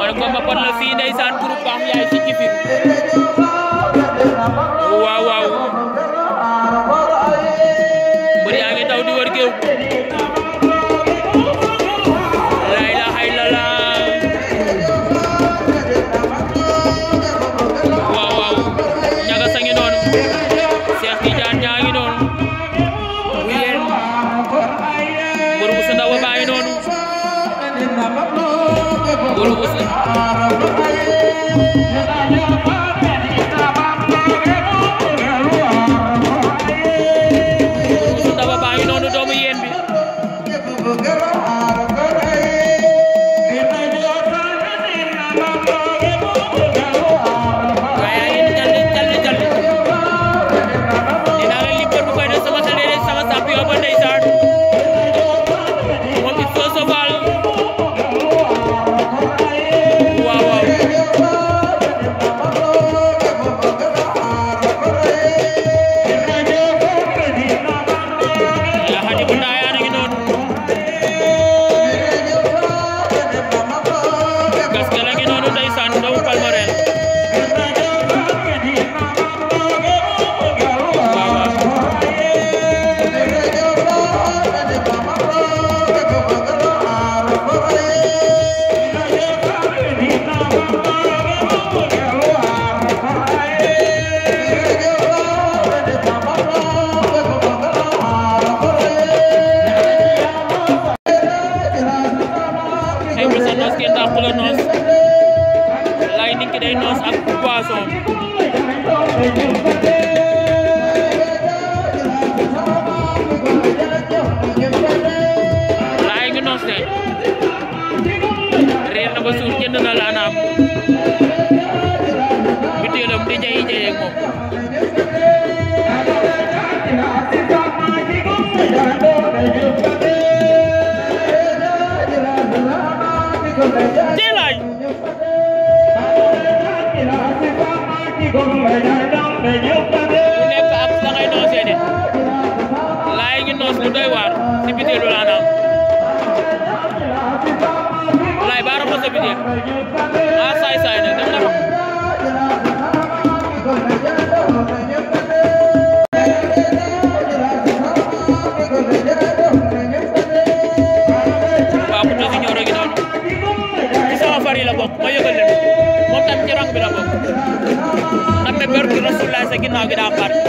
wala ko mbapat la fii ndeysaan groupe Pam Ndiaye gi day noos ak poisson laay ngi noos de reer na ba suur jënd na laanaam bitéelam di jayi jayee moom ku nekk ak laay ngi noos doy waar si bitéelu laay baara ko sa a ah, saay saay na dem na now without bad.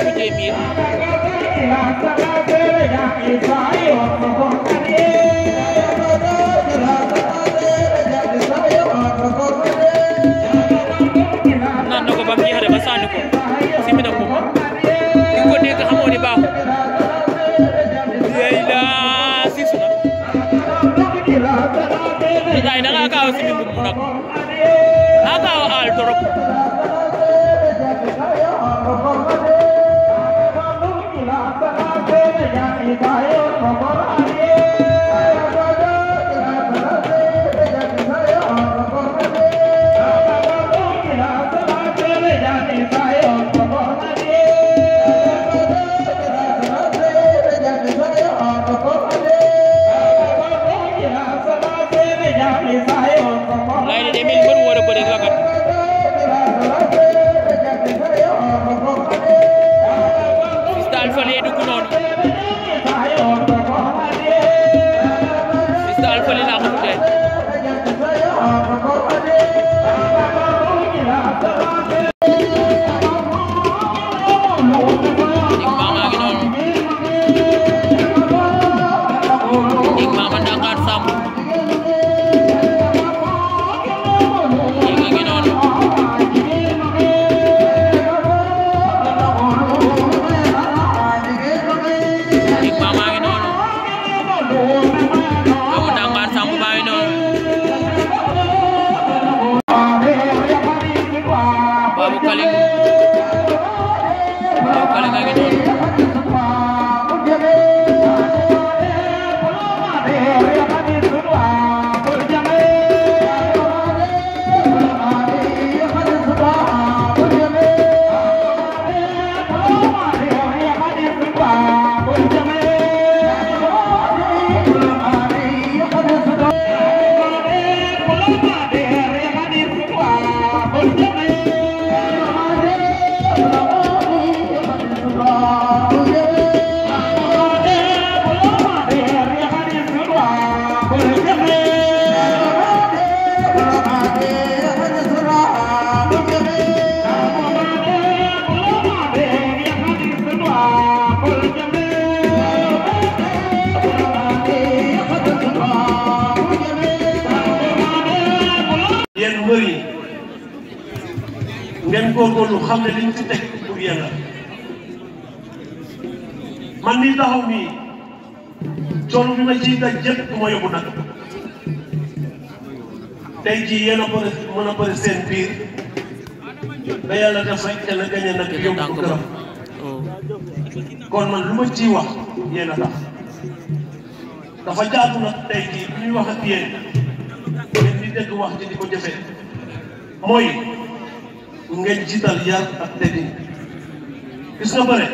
Vijay Meer. daal fan yee dugg noonu man mii taxaw nii coono bi ma ciy daj yëpp du ma yóbbu nag tey jii yéen a bëri mën a bëri seen biir ba yàlla def rek te la nag yóbbu këram kon man lu ma ciy wax yéen a tax dafa jaatu nag tey jii bi ñuy wax ak yéen ngeen di wax ji di ko jëfee mooy ngeen jiital yar ak teggin gis nga bëre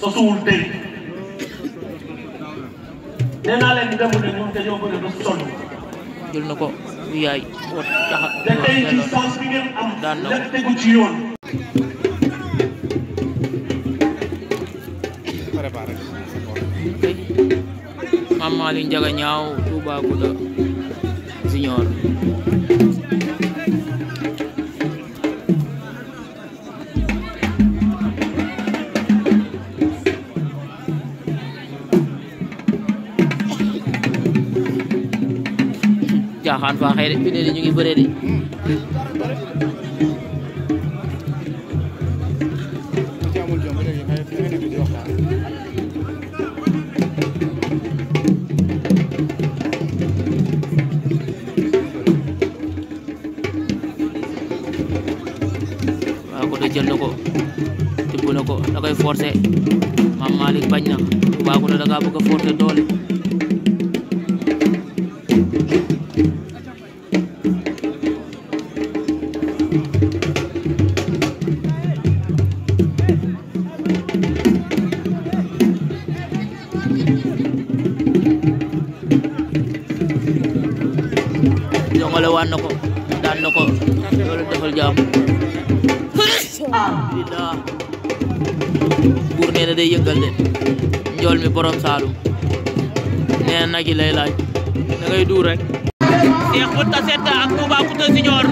sosuwul tey nee naa jël na ko yaay wot caxa. te tey ci sens bi ngeen am. daan na lépp tegu ci faaxee de fi ne ñu ngi bëree de waaw ko de jël na ko tibb na ko da koy forcer Mame Malick bañ na da bëgg forcer doole Mole wa na ko daan na ko loolu defal jàmm billaah buur na de njool mi borom Saalum nee na nag yi lay laaj da rek Seex Kunta Setta ak Touba Kouta Junior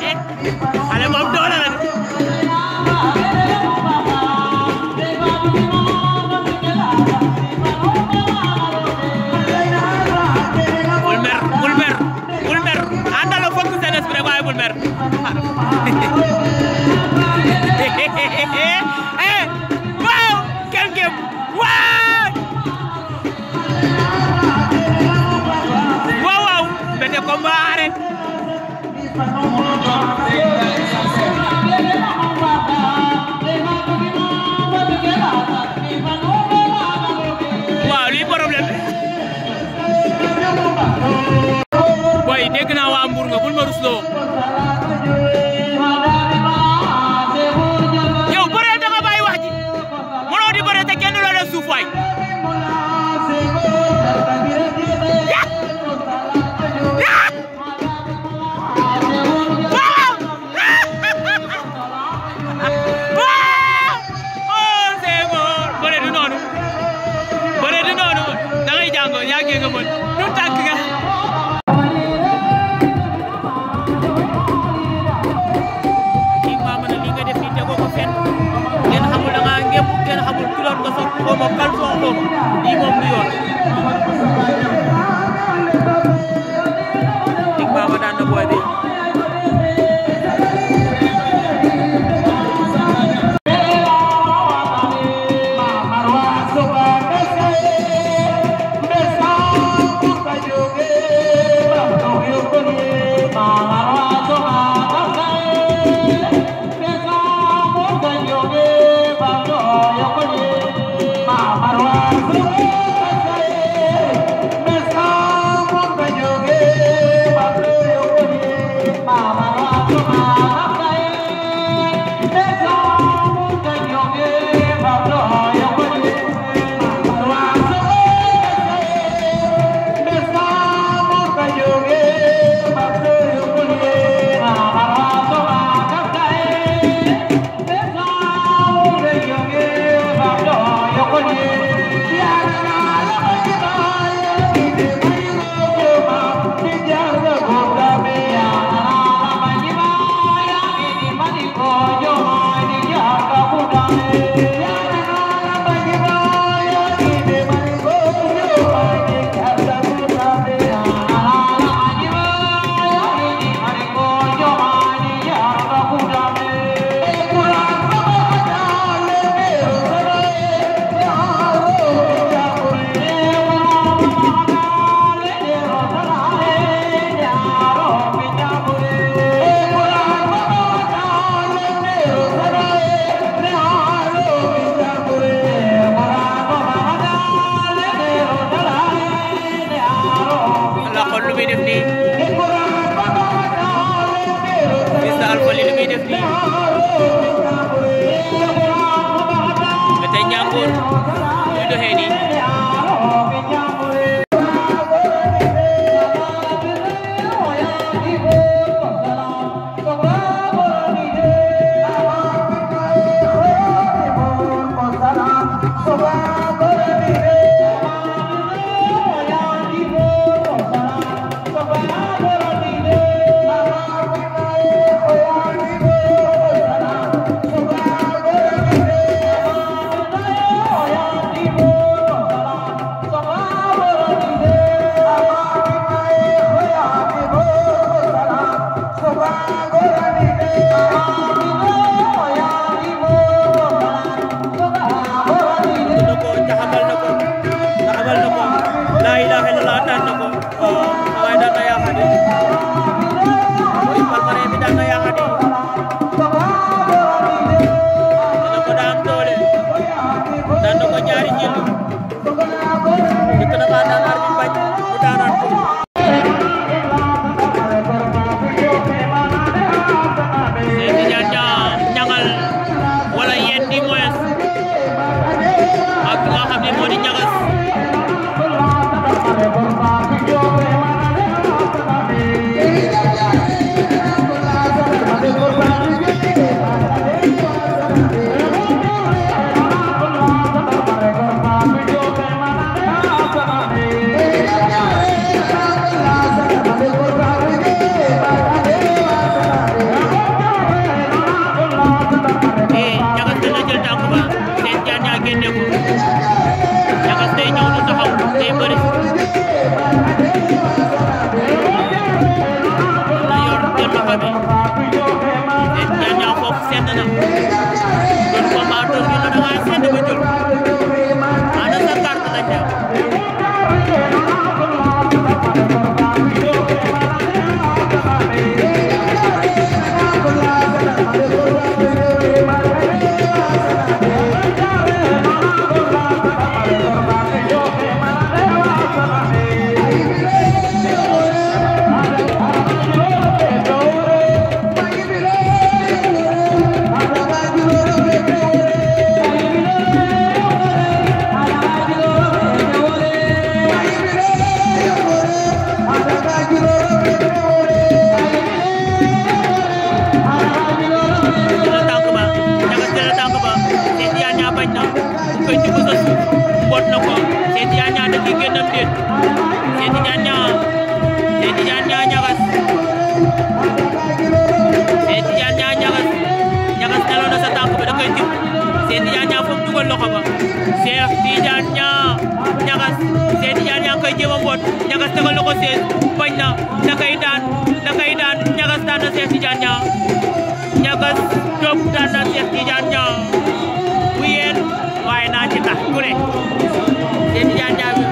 अरे बाप boy dégg naa waa Mbour nga bul ma rusloo jajannya jadi jajannya guys jadi jajannya guys jangan selalu ada satu aku pada kecil jadi jajannya pun juga loh kamu jadi jajannya jangan jadi jangan sih banyak nakaidan nakaidan jangan selalu jadi jajannya jangan job dan nasihat jajannya Wien, why kita? Kure, jadi